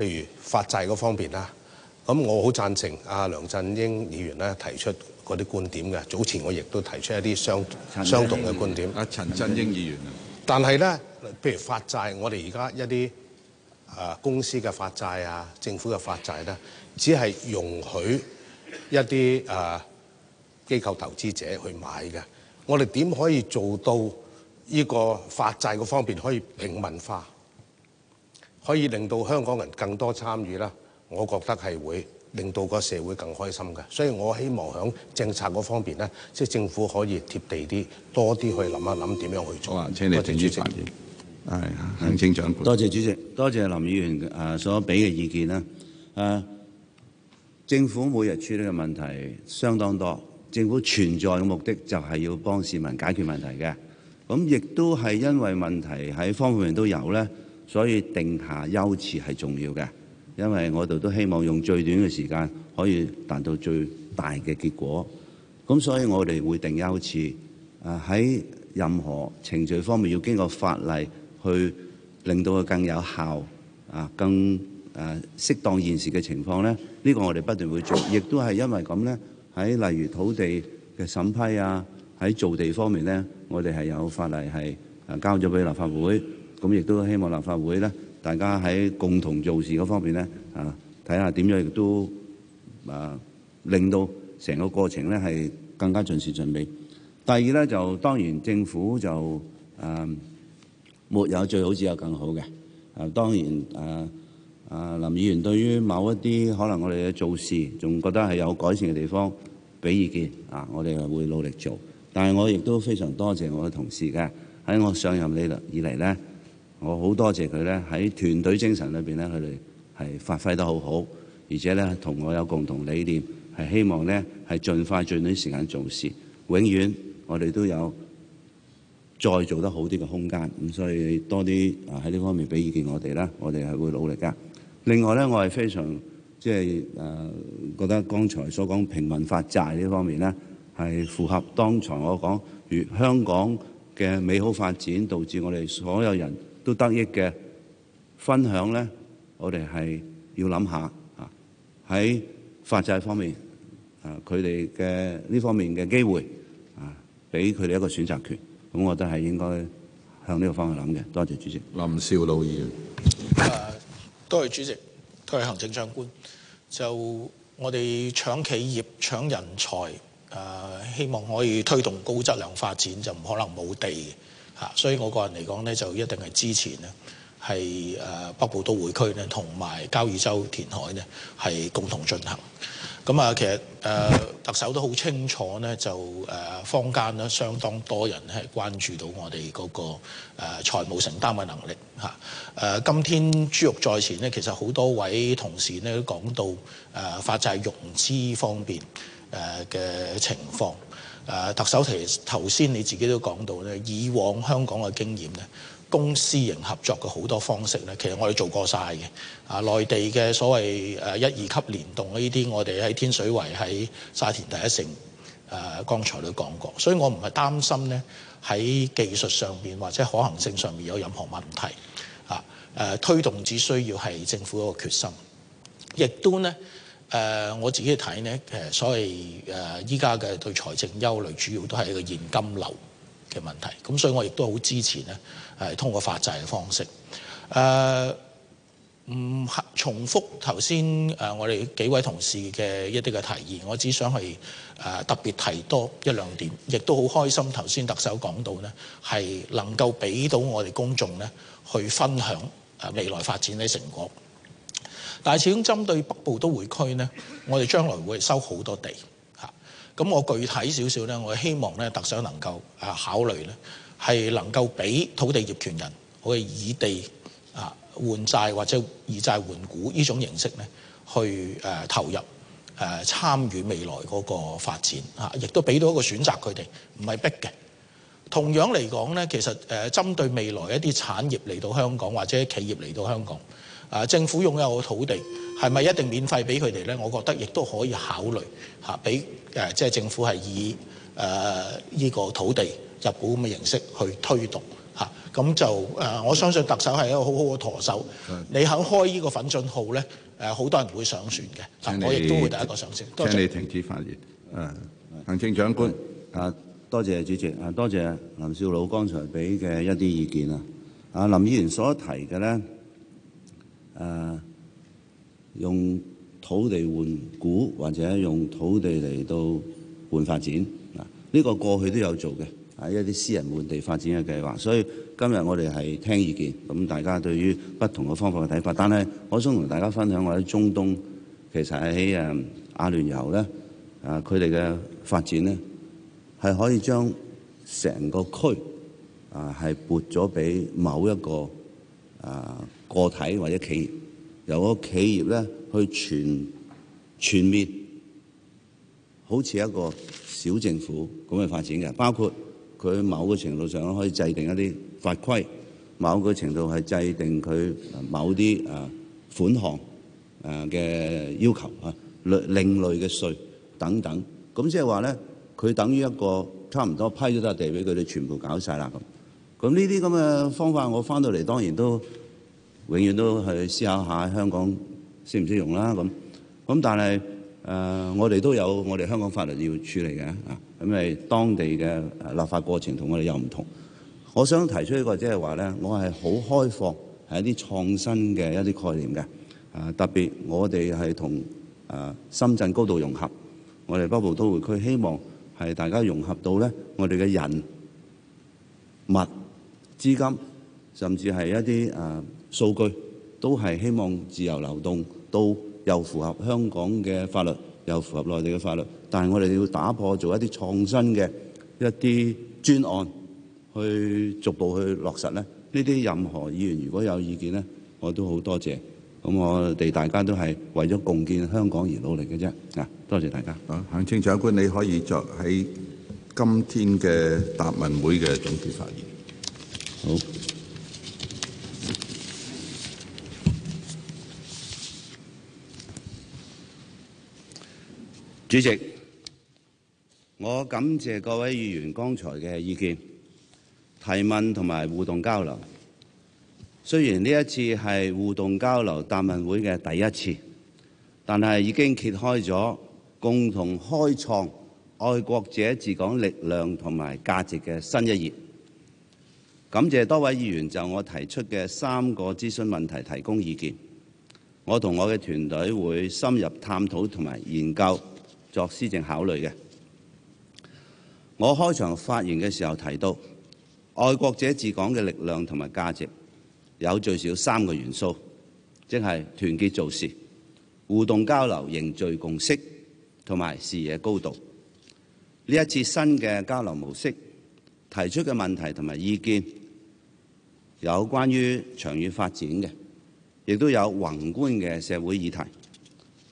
譬如發債嗰方面啦，咁我好贊成阿梁振英議員咧提出嗰啲觀點嘅。早前我亦都提出一啲相相同嘅觀點。阿陳振英議員。但係咧，譬如發債，我哋而家一啲誒公司嘅發債啊，政府嘅發債咧，只係容許一啲誒機構投資者去買嘅。我哋點可以做到呢個發債嗰方面可以平民化？可以令到香港人更多參與啦，我覺得係會令到個社會更開心嘅，所以我希望喺政策嗰方面呢，即係政府可以貼地啲，多啲去諗一諗點樣去做。好啊，請你，政府回應。係，行政長官。多謝主席，多謝林議員所俾嘅意見啦。誒、啊，政府每日處理嘅問題相當多，政府存在嘅目的就係要幫市民解決問題嘅。咁亦都係因為問題喺方面都有呢。所以定下優次係重要嘅，因為我哋都希望用最短嘅時間可以達到最大嘅結果。咁所以我哋會定優次，誒喺任何程序方面要經過法例去令到佢更有效，啊更誒適當現時嘅情況呢呢、呢個我哋不斷會做，亦都係因為咁呢喺例如土地嘅審批啊，喺造地方面呢，我哋係有法例係交咗俾立法會。咁亦都希望立法會咧，大家喺共同做事嗰方面咧，啊，睇下點樣亦都啊，令到成個過程咧係更加盡時盡美。第二咧就當然政府就啊，沒有最好只有更好嘅啊。當然啊啊，林議員對於某一啲可能我哋嘅做事仲覺得係有改善嘅地方，俾意見啊，我哋係會努力做。但係我亦都非常多謝我嘅同事嘅喺我上任以來呢度以嚟咧。我好多謝佢咧，喺團隊精神裏邊咧，佢哋係發揮得好好，而且咧同我有共同理念，係希望咧係盡快盡短啲時間做事。永遠我哋都有再做得好啲嘅空間，咁所以多啲喺呢方面俾意見我哋啦，我哋係會努力噶。另外咧，我係非常即係誒、呃、覺得，剛才所講平民發債呢方面咧，係符合當場我講，如香港嘅美好發展，導致我哋所有人。都得益嘅分享咧，我哋係要諗下啊喺法制方面，啊佢哋嘅呢方面嘅機會啊，俾佢哋一個選擇權，咁我覺得係應該向呢個方向諗嘅。多謝主席。林筱魯議員、啊、多謝主席，多謝行政長官。就我哋搶企業搶人才、啊，希望可以推動高質量發展，就唔可能冇地。啊，所以我個人嚟講咧，就一定係之前咧，係誒、呃、北部都會區咧，同埋交椅洲填海咧，係共同進行。咁啊，其實誒、呃、特首都好清楚咧，就誒、呃、坊間咧，相當多人係關注到我哋嗰、那個誒、呃、財務承擔嘅能力吓，誒、呃，今天珠玉在前咧，其實好多位同事咧都講到誒、呃、發債融資方面嘅、呃、情況。誒，特首，其實頭先你自己都講到咧，以往香港嘅經驗咧，公私營合作嘅好多方式咧，其實我哋做過晒嘅。啊，內地嘅所謂誒一二級連動呢啲我哋喺天水圍、喺沙田第一城誒，剛才都講過，所以我唔係擔心咧，喺技術上面或者可行性上面有任何問題啊。誒，推動只需要係政府一個決心，亦都咧。誒我自己睇呢，誒所謂誒依家嘅對財政憂慮，主要都係一個現金流嘅問題。咁所以我亦都好支持呢係通過發債嘅方式。誒、呃、唔重複頭先誒我哋幾位同事嘅一啲嘅提議，我只想係誒特別提多一兩點，亦都好開心頭先特首講到呢係能夠俾到我哋公眾呢去分享誒未來發展嘅成果。但係始終針對北部都會區呢，我哋將來會收好多地嚇。咁我具體少少呢，我希望呢特首能夠考慮呢，係能夠俾土地業權人可以以地啊換債或者以債換股呢種形式呢去投入誒參與未來嗰個發展嚇，亦都俾到一個選擇佢哋，唔係逼嘅。同樣嚟講呢，其實誒針對未來一啲產業嚟到香港或者企業嚟到香港。啊！政府擁有嘅土地係咪一定免費俾佢哋咧？我覺得亦都可以考慮嚇，俾誒即係政府係以誒依、呃這個土地入股咁嘅形式去推動嚇。咁、啊、就誒、呃，我相信特首係一個好好嘅舵手。呃、你肯開呢個粉嶺號咧，誒好多人會上船嘅。你我亦都會第一個上船。請你停止發言。誒謝，行政長官啊，多謝主席啊，多謝林筱魯剛才俾嘅一啲意見啊。啊，林議員所提嘅咧。誒、啊、用土地換股，或者用土地嚟到換發展，嗱、這、呢個過去都有做嘅，係一啲私人換地發展嘅計劃。所以今日我哋係聽意見，咁大家對於不同嘅方法嘅睇法。但係我想同大家分享，我喺中東，其實喺誒阿聯酋咧，啊佢哋嘅發展咧係可以將成個區啊係撥咗俾某一個啊。個體或者企業，由個企業咧去全全面，好似一個小政府咁去發展嘅。包括佢某個程度上可以制定一啲法規，某個程度係制定佢某啲款項嘅要求啊類另類嘅稅等等。咁即係話咧，佢等於一個差唔多批咗笪地俾佢哋，全部搞晒啦咁。咁呢啲咁嘅方法，我翻到嚟當然都。永遠都去思考下香港適唔適用啦。咁咁，但係誒，我哋都有我哋香港法律要處理嘅啊，因為當地嘅立法過程同我哋又唔同。我想提出一個，即係話咧，我係好開放，係一啲創新嘅一啲概念嘅啊。特別我哋係同誒深圳高度融合，我哋北部都會區希望係大家融合到咧，我哋嘅人、物、資金，甚至係一啲誒。數據都係希望自由流動，都又符合香港嘅法律，又符合內地嘅法律。但係我哋要打破做一啲創新嘅一啲專案，去逐步去落實咧。呢啲任何議員如果有意見咧，我都好多謝。咁我哋大家都係為咗共建香港而努力嘅啫。啊，多謝大家。啊，行政長官你可以作喺今天嘅答問會嘅總結發言。好。主席，我感謝各位議員剛才嘅意見、提問同埋互動交流。雖然呢一次係互動交流答問會嘅第一次，但係已經揭開咗共同開創愛國者治港力量同埋價值嘅新一頁。感謝多位議員就我提出嘅三個諮詢問題提供意見。我同我嘅團隊會深入探討同埋研究。作施政考慮嘅。我開場發言嘅時候提到，愛國者治港嘅力量同埋價值有最少三個元素，即係團結做事、互動交流、凝聚共識同埋視野高度。呢一次新嘅交流模式提出嘅問題同埋意見，有關於長遠發展嘅，亦都有宏觀嘅社會議題。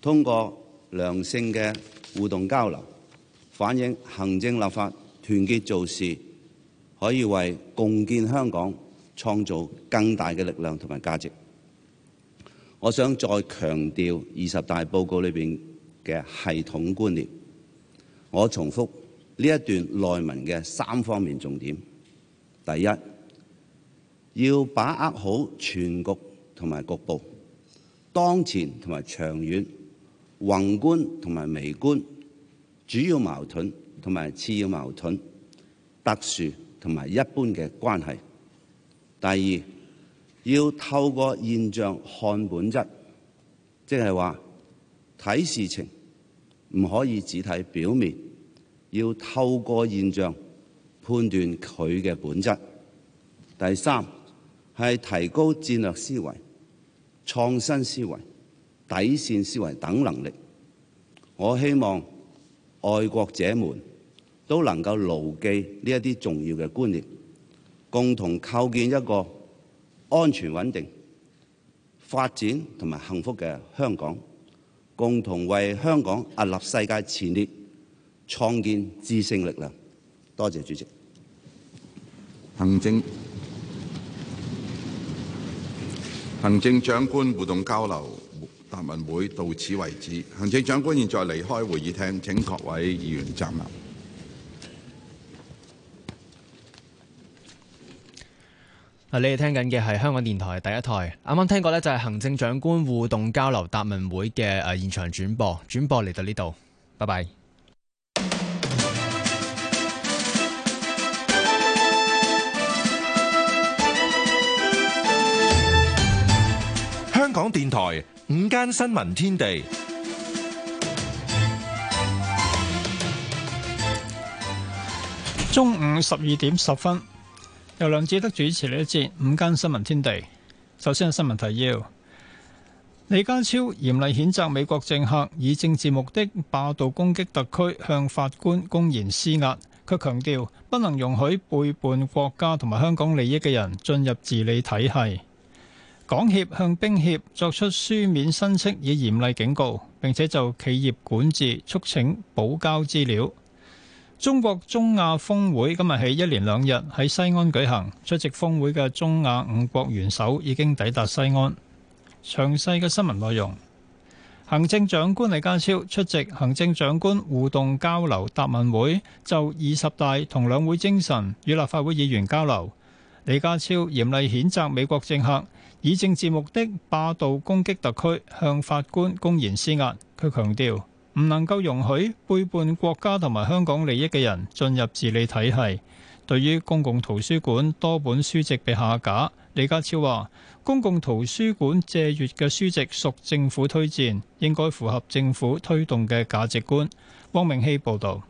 通過良性嘅互動交流，反映行政立法團結做事，可以為共建香港創造更大嘅力量同埋價值。我想再強調二十大報告裏邊嘅系統觀念。我重複呢一段內文嘅三方面重點：第一，要把握好全局同埋局部、當前同埋長遠、宏觀同埋微觀。主要矛盾同埋次要矛盾，特殊同埋一般嘅關係。第二，要透過現象看本質，即係話睇事情唔可以只睇表面，要透過現象判斷佢嘅本質。第三，係提高戰略思維、創新思維、底線思維等能力。我希望。愛國者們都能夠牢記呢一啲重要嘅觀念，共同構建一個安全穩定、發展同埋幸福嘅香港，共同為香港屹立世界前列，創建制勝力量。多謝主席。行政行政長官互動交流。答問會到此為止，行政長官現在離開會議廳，請各位議員站立。啊，你哋聽緊嘅係香港電台第一台，啱啱聽過呢就係行政長官互動交流答問會嘅啊現場轉播，轉播嚟到呢度，拜拜。電台午間新聞天地，中午十二點十分，由梁志德主持呢一節午間新聞天地。首先係新聞提要：李家超嚴厲譴責美國政客以政治目的霸道攻擊特區，向法官公然施壓。佢強調不能容許背叛國家同埋香港利益嘅人進入治理體系。港協向冰協作出書面申斥以嚴厲警告，並且就企業管治促請補交資料。中國中亞峰會今日起一連兩日喺西安舉行，出席峰會嘅中亞五國元首已經抵達西安。詳細嘅新聞內容，行政長官李家超出席行政長官互動交流答問會，就二十大同兩會精神與立法會議員交流。李家超嚴厲譴責美國政客，以政治目的霸道攻擊特區，向法官公然施壓，佢強調唔能夠容許背叛國家同埋香港利益嘅人進入治理體系。對於公共圖書館多本書籍被下架，李家超話：公共圖書館借閱嘅書籍屬政府推薦，應該符合政府推動嘅價值觀。汪明希報道。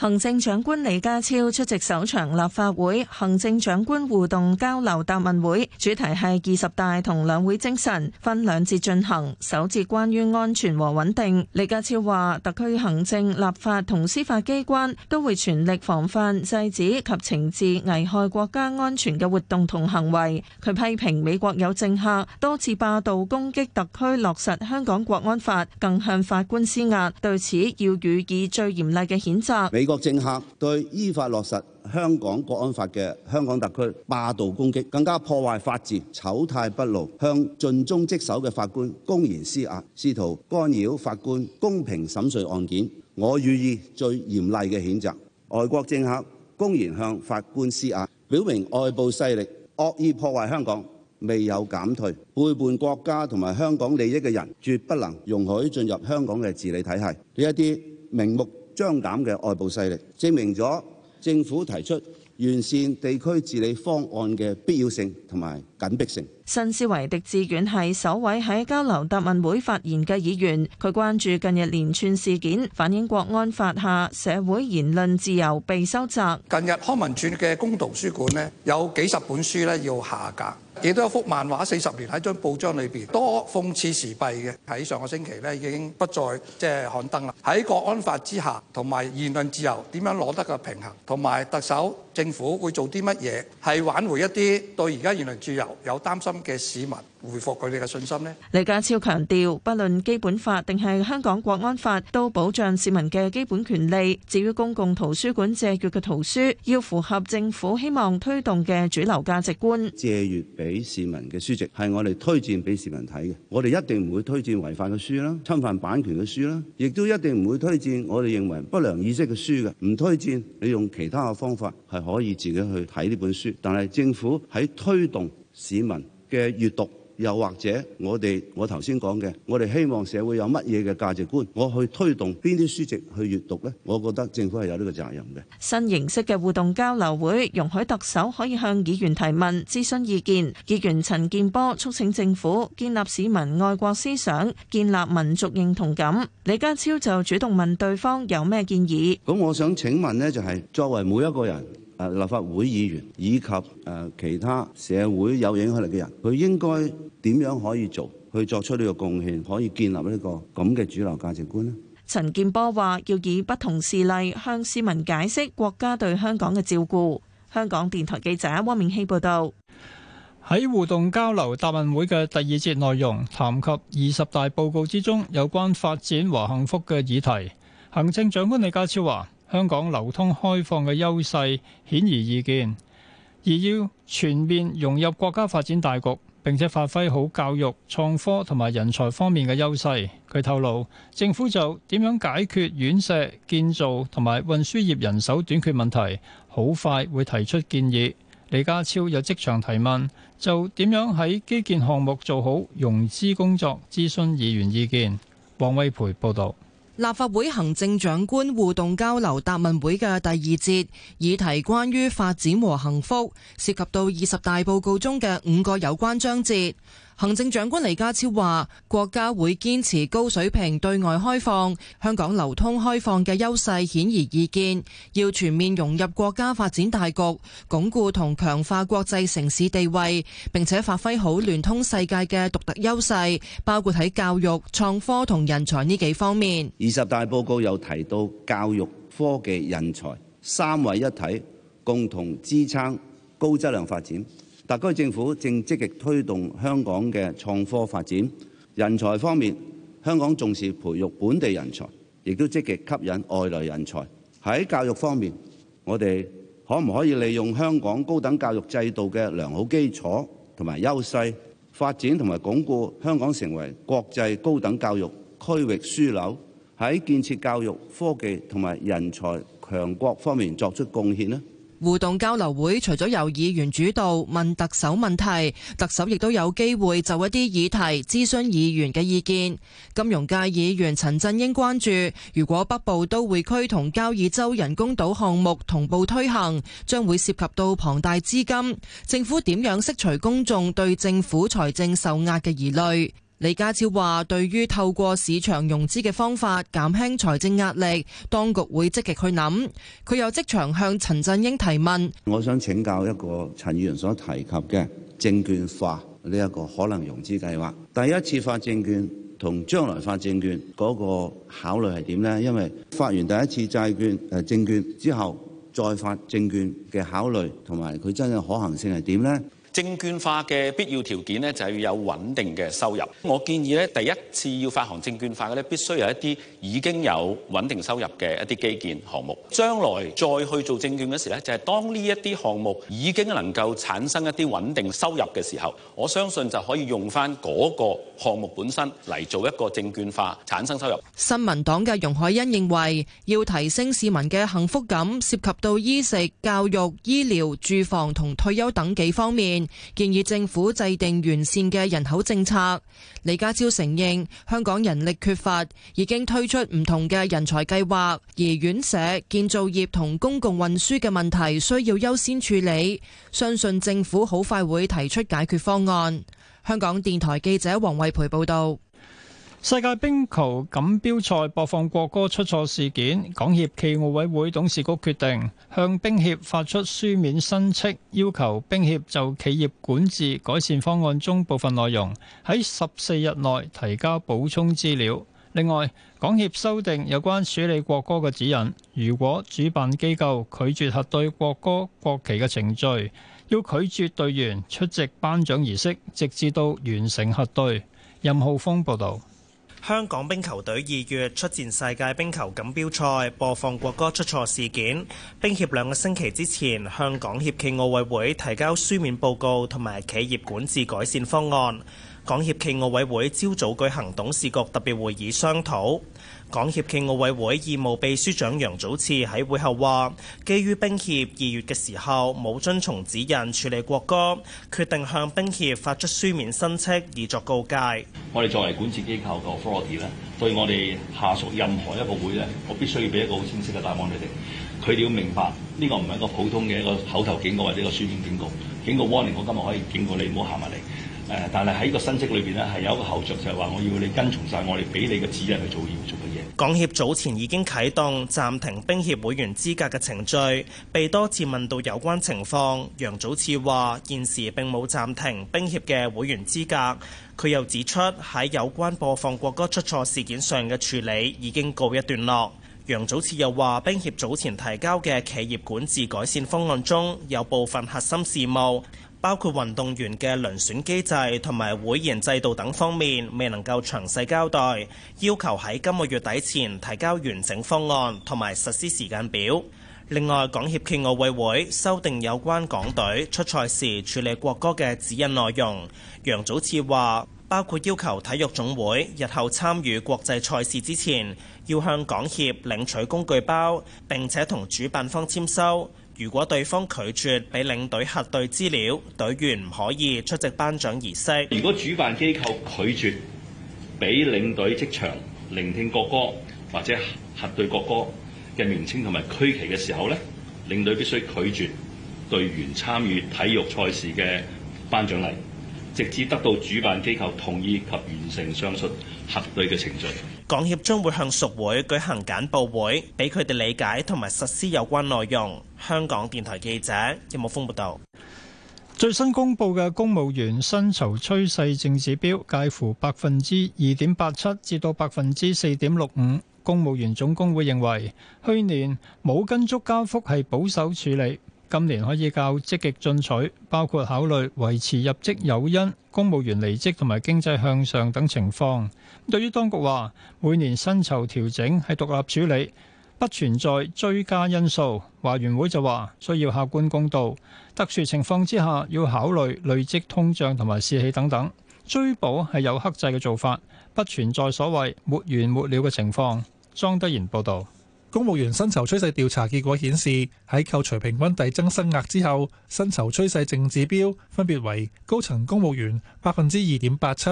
行政長官李家超出席首場立法會行政長官互動交流答問會，主題係二十大同兩會精神，分兩節進行。首節關於安全和穩定，李家超話，特區行政、立法同司法機關都會全力防範、制止及懲治危害國家安全嘅活動同行為。佢批評美國有政客多次霸道攻擊特區落實香港國安法，更向法官施壓，對此要予以最嚴厲嘅譴責。國政客對依法落實香港國安法嘅香港特區霸道攻擊，更加破壞法治、醜態畢露，向盡忠職守嘅法官公然施壓，試圖干擾法官公平審訊案件。我予以最嚴厲嘅譴責。外國政客公然向法官施壓，表明外部勢力惡意破壞香港，未有減退，背叛國家同埋香港利益嘅人，絕不能容許進入香港嘅治理體系。呢一啲明目張膽嘅外部勢力，證明咗政府提出完善地區治理方案嘅必要性同埋緊迫性。新思維狄志遠係首位喺交流答問會發言嘅議員。佢關注近日連串事件，反映國安法下社會言論自由被收窄。近日康文署嘅公共圖書館咧，有幾十本書咧要下架，亦都有一幅漫畫四十年喺張報章裏邊多諷刺時弊嘅，喺上個星期咧已經不再即係刊登啦。喺國安法之下，同埋言論自由點樣攞得個平衡，同埋特首政府會做啲乜嘢，係挽回一啲對而家言論自由？有擔心嘅市民回覆佢哋嘅信心呢？李家超強調，不論基本法定係香港國安法，都保障市民嘅基本權利。至於公共圖書館借閲嘅圖書，要符合政府希望推動嘅主流價值觀。借閲俾市民嘅書籍係我哋推薦俾市民睇嘅，我哋一定唔會推薦違法嘅書啦，侵犯版權嘅書啦，亦都一定唔會推薦我哋認為不良意識嘅書嘅。唔推薦，你用其他嘅方法係可以自己去睇呢本書。但係政府喺推動市民嘅閱讀，又或者我哋我頭先講嘅，我哋希望社會有乜嘢嘅價值觀，我去推動邊啲書籍去閱讀呢？我覺得政府係有呢個責任嘅。新形式嘅互動交流會容許特首可以向議員提問、諮詢意見。議員陳建波促請政府建立市民愛國思想，建立民族認同感。李家超就主動問對方有咩建議。咁我想請問呢，就係，就係作為每一個人。誒立法會議員以及誒其他社會有影響力嘅人，佢應該點樣可以做，去作出呢個貢獻，可以建立呢個咁嘅主流價值觀呢？陳健波話：要以不同事例向市民解釋國家對香港嘅照顧。香港電台記者汪明希報道。喺互動交流答問會嘅第二節內容，談及二十大報告之中有關發展和幸福嘅議題。行政長官李家超話。香港流通開放嘅優勢顯而易見，而要全面融入國家發展大局，並且發揮好教育、創科同埋人才方面嘅優勢。佢透露政府就點樣解決院舍建造同埋運輸業人手短缺問題好快會提出建議。李家超有即場提問，就點樣喺基建項目做好融資工作，諮詢議員意見。黃偉培報道。立法會行政長官互動交流答問會嘅第二節，議題關於發展和幸福，涉及到二十大報告中嘅五個有關章節。行政長官李家超話：國家會堅持高水平對外開放，香港流通開放嘅優勢顯而易見，要全面融入國家發展大局，鞏固同強化國際城市地位，並且發揮好聯通世界嘅獨特優勢，包括喺教育、創科同人才呢幾方面。二十大報告又提到教育、科技、人才三位一體，共同支撐高質量發展。特區政府正積極推動香港嘅創科發展，人才方面，香港重視培育本地人才，亦都積極吸引外來人才。喺教育方面，我哋可唔可以利用香港高等教育制度嘅良好基礎同埋優勢，發展同埋鞏固香港成為國際高等教育區域樞紐，喺建設教育、科技同埋人才強國方面作出貢獻呢？互動交流會除咗由議員主導問特首問題，特首亦都有機會就一啲議題諮詢議員嘅意見。金融界議員陳振英關注，如果北部都會區同交椅洲人工島項目同步推行，將會涉及到龐大資金，政府點樣釋除公眾對政府財政受壓嘅疑慮？李家超話，對於透過市場融資嘅方法減輕財政壓力，當局會積極去諗。佢又即場向陳振英提問：「我想請教一個陳議員所提及嘅證券化呢一個可能融資計劃，第一次發證券同將來發證券嗰個考慮係點呢？因為發完第一次債券誒證券之後，再發證券嘅考慮同埋佢真嘅可行性係點呢？」證券化嘅必要條件呢，就係要有穩定嘅收入。我建議咧，第一次要發行證券化嘅咧，必須有一啲已經有穩定收入嘅一啲基建項目。將來再去做證券嗰時咧，就係當呢一啲項目已經能夠產生一啲穩定收入嘅時候，我相信就可以用翻嗰個項目本身嚟做一個證券化，產生收入。新民黨嘅容海恩認為，要提升市民嘅幸福感，涉及到衣食、教育、醫療、住房同退休等幾方面。建議政府制定完善嘅人口政策。李家超承認香港人力缺乏，已經推出唔同嘅人才計劃，而院舍、建造業同公共運輸嘅問題需要優先處理。相信政府好快會提出解決方案。香港電台記者黃惠培報道。世界冰球錦標賽播放國歌出錯事件，港協暨奧委會董事局決定向冰協發出書面申斥，要求冰協就企業管治改善方案中部分內容喺十四日內提交補充資料。另外，港協修訂有關處理國歌嘅指引，如果主辦機構拒絕核對國歌國旗嘅程序，要拒絕隊員出席頒獎儀式，直至到完成核對。任浩峰報道。香港冰球隊二月出戰世界冰球錦標賽，播放國歌出錯事件。冰協兩個星期之前向港協暨奧委會提交書面報告同埋企業管治改善方案。港協暨奧委會朝早舉行董事局特別會議商討。港協暨奧委會義務秘書長楊祖次喺會後話：基於冰協二月嘅時候冇遵從指引處理國歌，決定向冰協發出書面申斥以作告誡。我哋作為管治機構嘅 authority 咧，對我哋下屬任何一個會咧，我必須要俾一個好清晰嘅答案你哋。佢哋要明白呢個唔係一個普通嘅一個口頭警告或者一個書面警告。警告 warning，我今日可以警告你，唔好行埋嚟。誒，但係喺個訊息裏邊咧，係有一個後著，就係話我要你跟從晒我哋俾你嘅指引去做要做嘅嘢。港協早前已經啟動暫停冰協會員資格嘅程序，被多次問到有關情況，楊祖賜話現時並冇暫停冰協嘅會員資格。佢又指出喺有關播放國歌出錯事件上嘅處理已經告一段落。楊祖賜又話，冰協早前提交嘅企業管治改善方案中有部分核心事務。包括運動員嘅輪選機制同埋會員制度等方面未能夠詳細交代，要求喺今個月底前提交完整方案同埋實施時間表。另外，港協暨奧委會修訂有關港隊出賽時處理國歌嘅指引內容。楊祖徹話，包括要求體育總會日後參與國際賽事之前，要向港協領取工具包，並且同主辦方簽收。如果對方拒絕俾領隊核對資料，隊員唔可以出席頒獎儀式。如果主辦機構拒絕俾領隊即場聆聽國歌或者核對國歌嘅名稱同埋區旗嘅時候呢，領隊必須拒絕隊員參與體育賽事嘅頒獎禮。直至得到主辦機構同意及完成上述核對嘅程序，港協將會向屬會舉行簡報會，俾佢哋理解同埋實施有關內容。香港電台記者葉武峯報道。有有最新公布嘅公務員薪酬趨勢正指標介乎百分之二點八七至到百分之四點六五，公務員總工會認為去年冇跟足加幅係保守處理。今年可以較積極進取，包括考慮維持入職誘因、公務員離職同埋經濟向上等情況。對於當局話每年薪酬調整係獨立處理，不存在追加因素。華員會就話需要客觀公道，特殊情況之下要考慮累積通脹同埋士氣等等。追補係有克制嘅做法，不存在所謂沒完沒了嘅情況。莊德賢報導。公務員薪酬趨勢調查結果顯示，喺扣除平均遞增薪額之後，薪酬趨勢正指標分別為高層公務員百分之二點八七，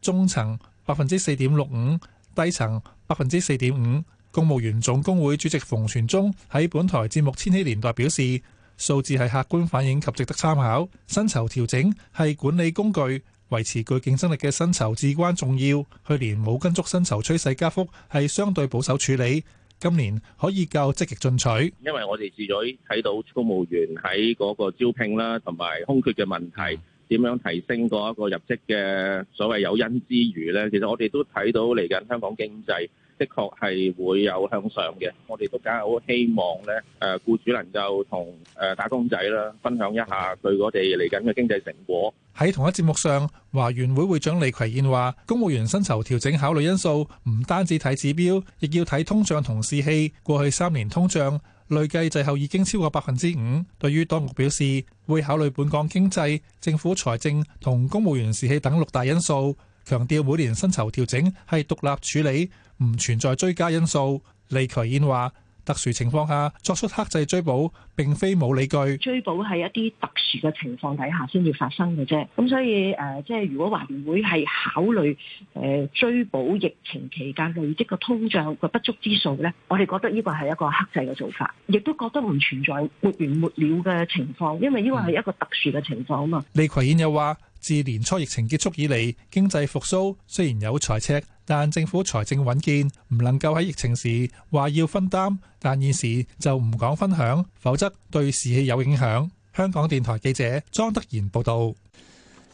中層百分之四點六五，低層百分之四點五。公務員總工會主席馮傳宗喺本台節目《千禧年代》表示：數字係客觀反映及值得參考，薪酬調整係管理工具，維持具競爭力嘅薪酬至關重要。去年冇跟足薪酬趨勢加幅，係相對保守處理。今年可以夠積極進取，因為我哋自隊睇到公務員喺嗰個招聘啦，同埋空缺嘅問題，點樣提升嗰一個入職嘅所謂誘因之餘呢，其實我哋都睇到嚟緊香港經濟，的確係會有向上嘅，我哋都梗係好希望咧。誒，僱主能夠同誒打工仔啦，分享一下佢我哋嚟緊嘅經濟成果。喺同一節目上，華員會會長李葵燕話，公務員薪酬調整考慮因素唔單止睇指標，亦要睇通脹同士氣。過去三年通脹累計滯後已經超過百分之五。對於當局表示會考慮本港經濟、政府財政同公務員士氣等六大因素，強調每年薪酬調整係獨立處理。唔存在追加因素，李葵燕話特殊情況下作出克制追補並非冇理據。追補係一啲特殊嘅情況底下先至發生嘅啫，咁所以誒、即、呃、係如果華聯會係考慮誒、呃、追補疫情期間累積嘅通脹嘅不足之數咧，我哋覺得呢個係一個克制嘅做法，亦都覺得唔存在沒完沒了嘅情況，因為呢個係一個特殊嘅情況啊嘛。嗯、李葵燕又話，自年初疫情結束以嚟，經濟復蘇雖然有財赤。但政府財政穩健，唔能夠喺疫情時話要分擔，但現時就唔講分享，否則對士氣有影響。香港電台記者莊德賢報道，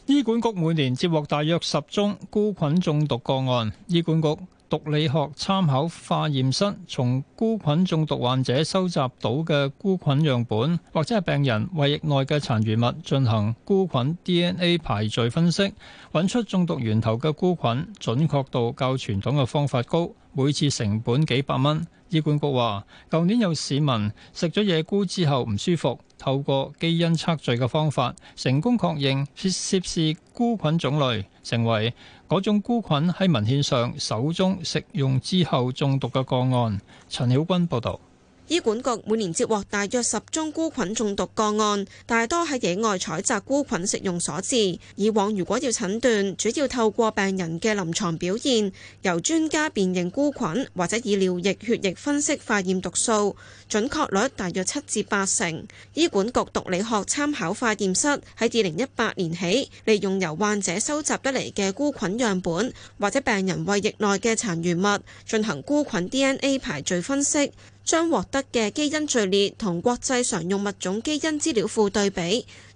醫管局每年接獲大約十宗菇菌中毒個案。醫管局。毒理學參考化驗室從菇菌中毒患者收集到嘅菇菌樣本，或者係病人胃液內嘅殘餘物，進行菇菌 DNA 排序分析，揾出中毒源頭嘅菇菌，準確度較傳統嘅方法高。每次成本幾百蚊，醫管局話舊年有市民食咗野菇之後唔舒服，透過基因測序嘅方法成功確認涉涉事菇菌種類，成為嗰種菇菌喺文獻上首宗食用之後中毒嘅個案。陳曉君報道。醫管局每年接獲大約十宗菇菌中毒個案，大多喺野外採集菇菌食用所致。以往如果要診斷，主要透過病人嘅臨床表現，由專家辨認菇菌或者以尿液、血液分析化驗毒素，準確率大約七至八成。醫管局毒理學參考化驗室喺二零一八年起，利用由患者收集得嚟嘅菇菌樣本或者病人胃液內嘅殘餘物，進行菇菌 DNA 排序分析。將獲得嘅基因序列同國際常用物種基因資料庫對比。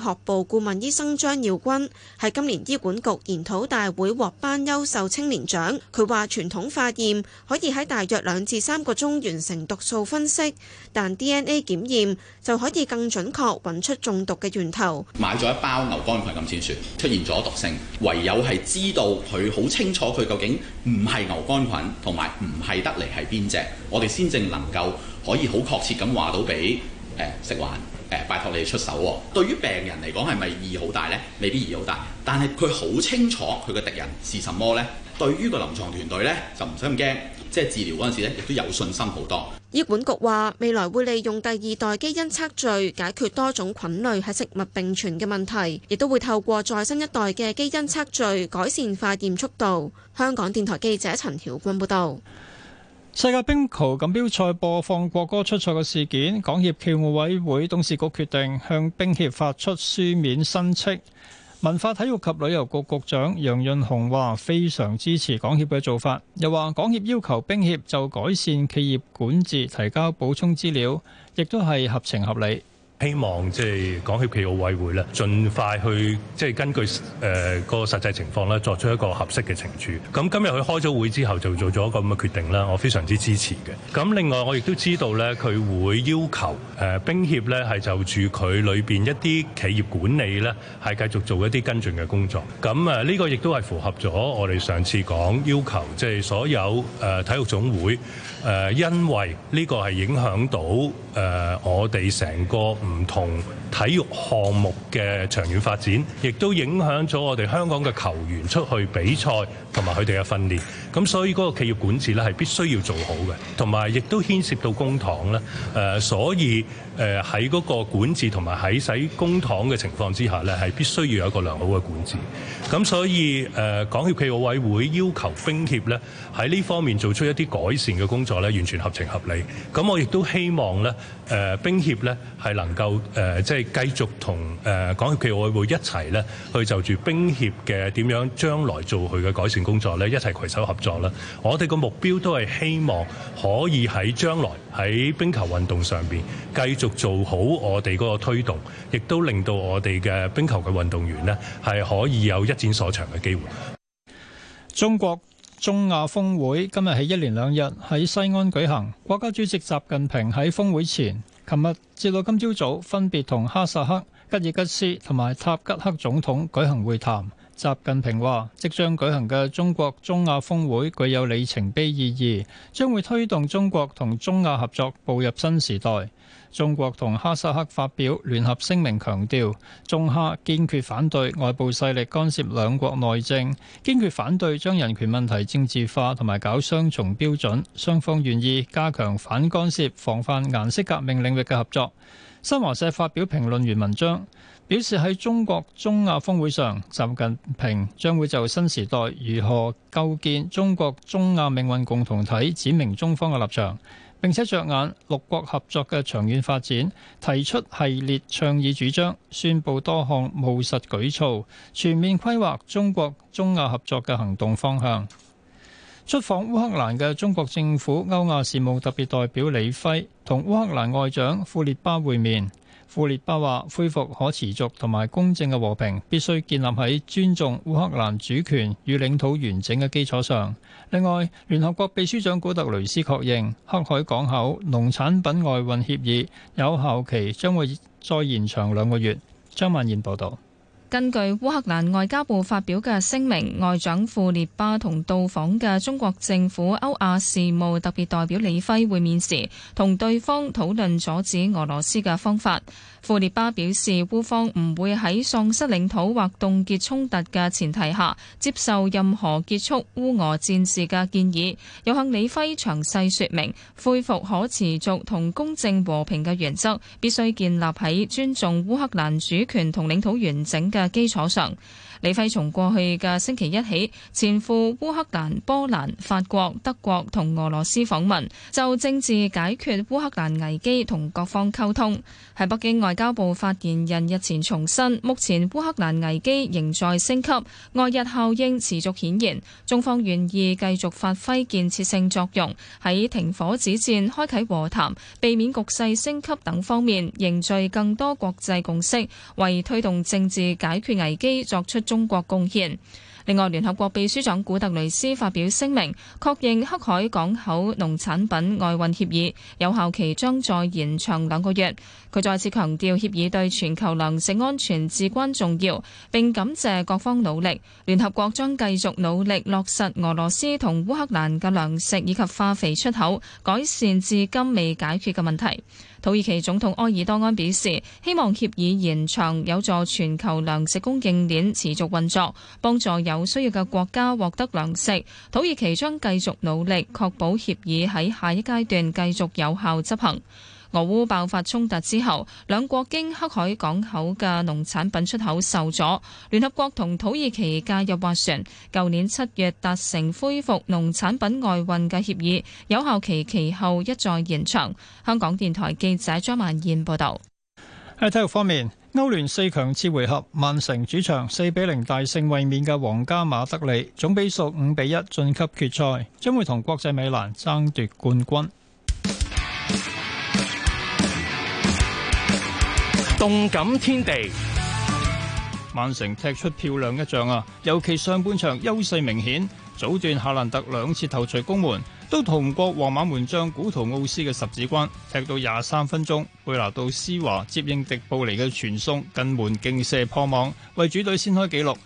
學部顧問醫生張耀君，係今年醫管局研討大會獲頒優秀青年獎。佢話，傳統化驗可以喺大約兩至三個鐘完成毒素分析，但 DNA 檢驗就可以更準確揾出中毒嘅源頭。買咗一包牛肝菌咁先算，出現咗毒性，唯有係知道佢好清楚佢究竟唔係牛肝菌，同埋唔係得嚟係邊隻，我哋先正能夠可以好確切咁話到俾食環。拜託你出手喎。對於病人嚟講，係咪意義好大呢？未必意義好大，但係佢好清楚佢嘅敵人是什麼呢。對於個臨床團隊呢，就唔使咁驚，即係治療嗰陣時呢，亦都有信心好多。醫管局話，未來會利用第二代基因測序解決多種菌類喺食物並存嘅問題，亦都會透過再生一代嘅基因測序改善化驗速度。香港電台記者陳曉君報導。世界冰球錦標賽播放國歌出錯嘅事件，港協暨奧委會董事局決定向冰協發出書面申斥。文化體育及旅遊局局長楊潤雄話非常支持港協嘅做法，又話港協要求冰協就改善企業管治提交補充資料，亦都係合情合理。希望即係港協暨奧委會咧，盡快去即係根據誒個實際情況咧，作出一個合適嘅懲處。咁今日佢開咗會之後，就做咗一個咁嘅決定啦，我非常之支持嘅。咁另外我亦都知道咧，佢會要求誒冰協咧係就住佢裏邊一啲企業管理咧，係繼續做一啲跟進嘅工作。咁啊呢個亦都係符合咗我哋上次講要求，即係所有誒體育總會誒，因為呢個係影響到誒我哋成個。唔同。體育項目嘅長遠發展，亦都影響咗我哋香港嘅球員出去比賽同埋佢哋嘅訓練，咁所以嗰個企業管治咧係必須要做好嘅，同埋亦都牽涉到公帑咧。誒，所以誒喺嗰個管治同埋喺使公帑嘅情況之下咧，係必須要有一個良好嘅管治。咁所以誒港協暨奧委會要求冰協咧喺呢方面做出一啲改善嘅工作咧，完全合情合理。咁我亦都希望咧，誒冰協咧係能夠誒即係。繼續同誒港協暨奧委會一齊呢，去就住冰協嘅點樣將來做佢嘅改善工作呢，一齊携手合作啦。我哋個目標都係希望可以喺將來喺冰球運動上邊繼續做好我哋嗰個推動，亦都令到我哋嘅冰球嘅運動員呢，係可以有一展所長嘅機會。中國中亞峰會今日喺一連兩日喺西安舉行，國家主席習近平喺峰會前琴日。至到今朝早，早，分別同哈薩克、吉爾吉斯同埋塔吉克總統舉行會談。習近平話，即將舉行嘅中國中亞峰會具有里程碑意義，將會推動中國同中亞合作步入新時代。中國同哈薩克發表聯合聲明，強調中哈堅決反對外部勢力干涉兩國內政，堅決反對將人權問題政治化同埋搞雙重標準。雙方願意加強反干涉、防範顏色革命領域嘅合作。新華社發表評論員文章，表示喺中國中亞峰會上，習近平將會就新時代如何構建中國中亞命運共同體，指明中方嘅立場，並且着眼六國合作嘅長遠發展，提出系列倡議主張，宣布多項務實舉措，全面規劃中國中亞合作嘅行動方向。出訪烏克蘭嘅中國政府歐亞事務特別代表李輝同烏克蘭外長庫列巴會面。庫列巴話：恢復可持續同埋公正嘅和平，必須建立喺尊重烏克蘭主權與領土完整嘅基礎上。另外，聯合國秘書長古特雷斯確認，黑海港口農產品外運協議有效期將會再延長兩個月。張曼燕報道。根據烏克蘭外交部發表嘅聲明，外長庫列巴同到訪嘅中國政府歐亞事務特別代表李輝會面時，同對方討論阻止俄羅斯嘅方法。庫列巴表示，烏方唔會喺喪失領土或凍結衝突嘅前提下接受任何結束烏俄戰事嘅建議。有向李輝詳細說明，恢復可持續同公正和平嘅原則必須建立喺尊重烏克蘭主權同領土完整嘅嘅基礎上。李輝從過去嘅星期一起，前赴烏克蘭、波蘭、法國、德國同俄羅斯訪問，就政治解決烏克蘭危機同各方溝通。喺北京外交部發言人日前重申，目前烏克蘭危機仍在升級，外日效應持續顯現，中方願意繼續發揮建設性作用，喺停火止戰、開啟和談、避免局勢升級等方面凝聚更多國際共識，為推動政治解決危機作出中國貢獻。另外，聯合國秘書長古特雷斯發表聲明，確認黑海港口農產品外運協議有效期將再延長兩個月。佢再次強調，協議對全球糧食安全至關重要，並感謝各方努力。聯合國將繼續努力落實俄羅斯同烏克蘭嘅糧食以及化肥出口，改善至今未解決嘅問題。土耳其總統埃爾多安表示，希望協議延長，有助全球糧食供應鏈持續運作，幫助有需要嘅國家獲得糧食。土耳其將繼續努力，確保協議喺下一階段繼續有效執行。俄烏爆發衝突之後，兩國經黑海港口嘅農產品出口受阻。聯合國同土耳其介入斡旋。舊年七月達成恢復農產品外運嘅協議，有效期其後一再延長。香港電台記者張曼燕報道。喺體育方面，歐聯四強次回合，曼城主場四比零大勝衛冕嘅皇家馬德里，總比數五比一晉級決賽，將會同國際米蘭爭奪冠軍。動感天地，曼城踢出漂亮一仗啊！尤其上半場優勢明顯，早段夏蘭特兩次頭槌攻門都逃唔過皇馬門將古圖奧斯嘅十指關，踢到廿三分鐘，貝拿度施華接應迪布尼嘅傳送近門勁射破網，為主隊先開紀錄。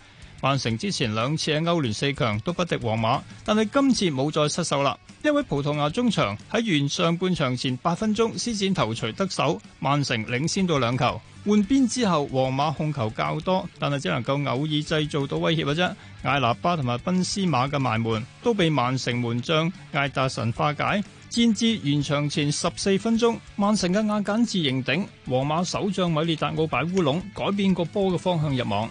曼城之前兩次喺歐聯四強都不敵皇馬，但係今次冇再失手啦。因為葡萄牙中場喺完上半場前八分鐘施展頭槌得手，曼城領先到兩球。換邊之後，皇馬控球較多，但係只能夠偶爾製造到威脅嘅啫。艾拿巴同埋賓斯馬嘅埋門都被曼城門將艾達臣化解。戰至完場前十四分鐘，曼城嘅亞簡治認頂，皇馬首將米列達奧擺烏龍，改變個波嘅方向入網。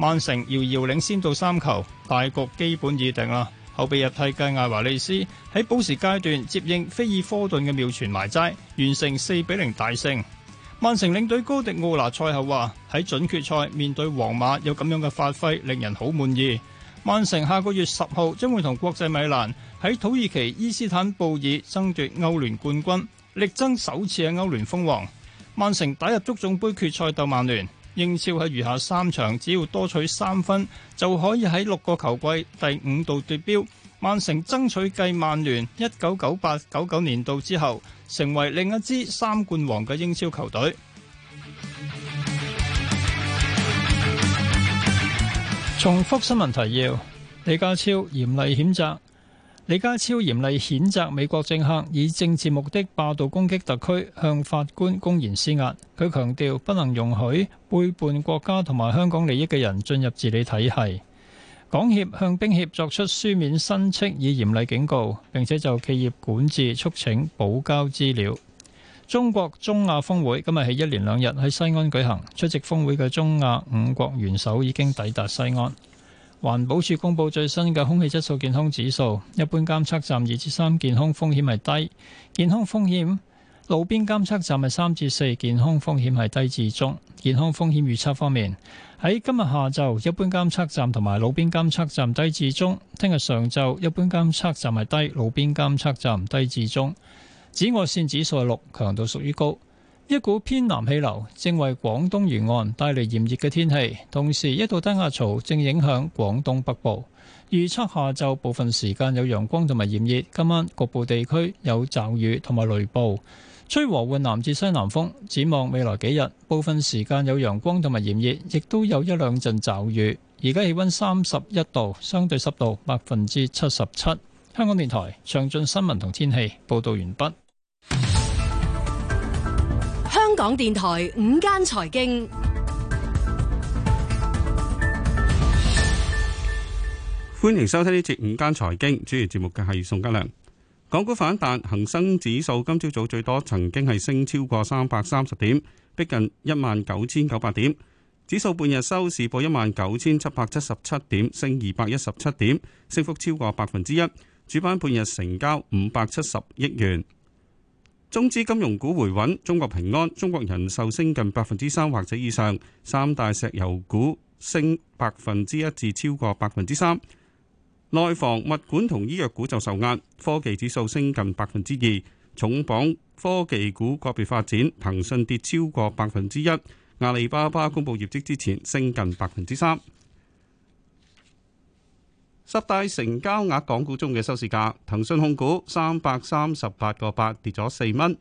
曼城遙遙領先到三球，大局基本已定啦。後備入替嘅艾華利斯喺補時階段接應菲爾科頓嘅妙傳埋齋，完成四比零大勝。曼城領隊高迪奧拿賽後話：喺準決賽面對皇馬有咁樣嘅發揮，令人好滿意。曼城下個月十號將會同國際米蘭喺土耳其伊斯坦布爾爭奪歐聯冠軍，力爭首次喺歐聯封王。曼城打入足總杯決賽鬥曼聯。英超喺餘下三場，只要多取三分，就可以喺六個球季第五度奪標。曼城爭取繼曼聯一九九八九九年度之後，成為另一支三冠王嘅英超球隊。重複新聞提要：李家超嚴厲譴責。李家超嚴厲譴責美國政客以政治目的霸道攻擊特區，向法官公然施壓。佢強調不能容許背叛國家同埋香港利益嘅人進入治理體系。港協向冰協作出書面申斥，以嚴厲警告，並且就企業管治促請補交資料。中國中亞峰會今日係一連兩日喺西安舉行，出席峰會嘅中亞五國元首已經抵達西安。環保署公布最新嘅空氣質素健康指數，一般監測站二至三，健康風險係低，健康風險，路邊監測站係三至四，健康風險係低至中。健康風險預測方面，喺今日下晝，一般監測站同埋路邊監測站低至中；聽日上晝，一般監測站係低，路邊監測站低至中。紫外線指數係六，強度屬於高。一股偏南氣流正為廣東沿岸帶嚟炎熱嘅天氣，同時一度低壓槽正影響廣東北部。預測下晝部分時間有陽光同埋炎熱，今晚局部地區有驟雨同埋雷暴，吹和緩南至西南風。展望未來幾日，部分時間有陽光同埋炎熱，亦都有一兩陣驟雨。而家氣温三十一度，相對濕度百分之七十七。香港電台詳盡新聞同天氣報導完畢。港電台五間財經，歡迎收聽呢節五間財經。主持節目嘅係宋嘉良。港股反彈，恒生指數今朝早，早最多曾經係升超過三百三十點，逼近一萬九千九百點。指數半日收市報一萬九千七百七十七點，升二百一十七點，升幅超過百分之一。主板半日成交五百七十億元。中資金融股回穩，中國平安、中國人壽升近百分之三或者以上，三大石油股升百分之一至超過百分之三，內房、物管同醫藥股就受壓，科技指數升近百分之二，重磅科技股個別發展，騰訊跌超過百分之一，阿里巴巴公布業績之前升近百分之三。十大成交額港股中嘅收市價，騰訊控股三百三十八個八，跌咗四蚊；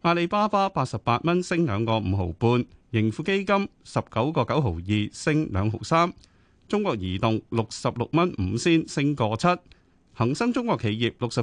阿里巴巴八十八蚊，升兩個五毫半；盈富基金十九個九毫二，升兩毫三；中國移動六十六蚊五仙，升個七；恒生中國企業六十。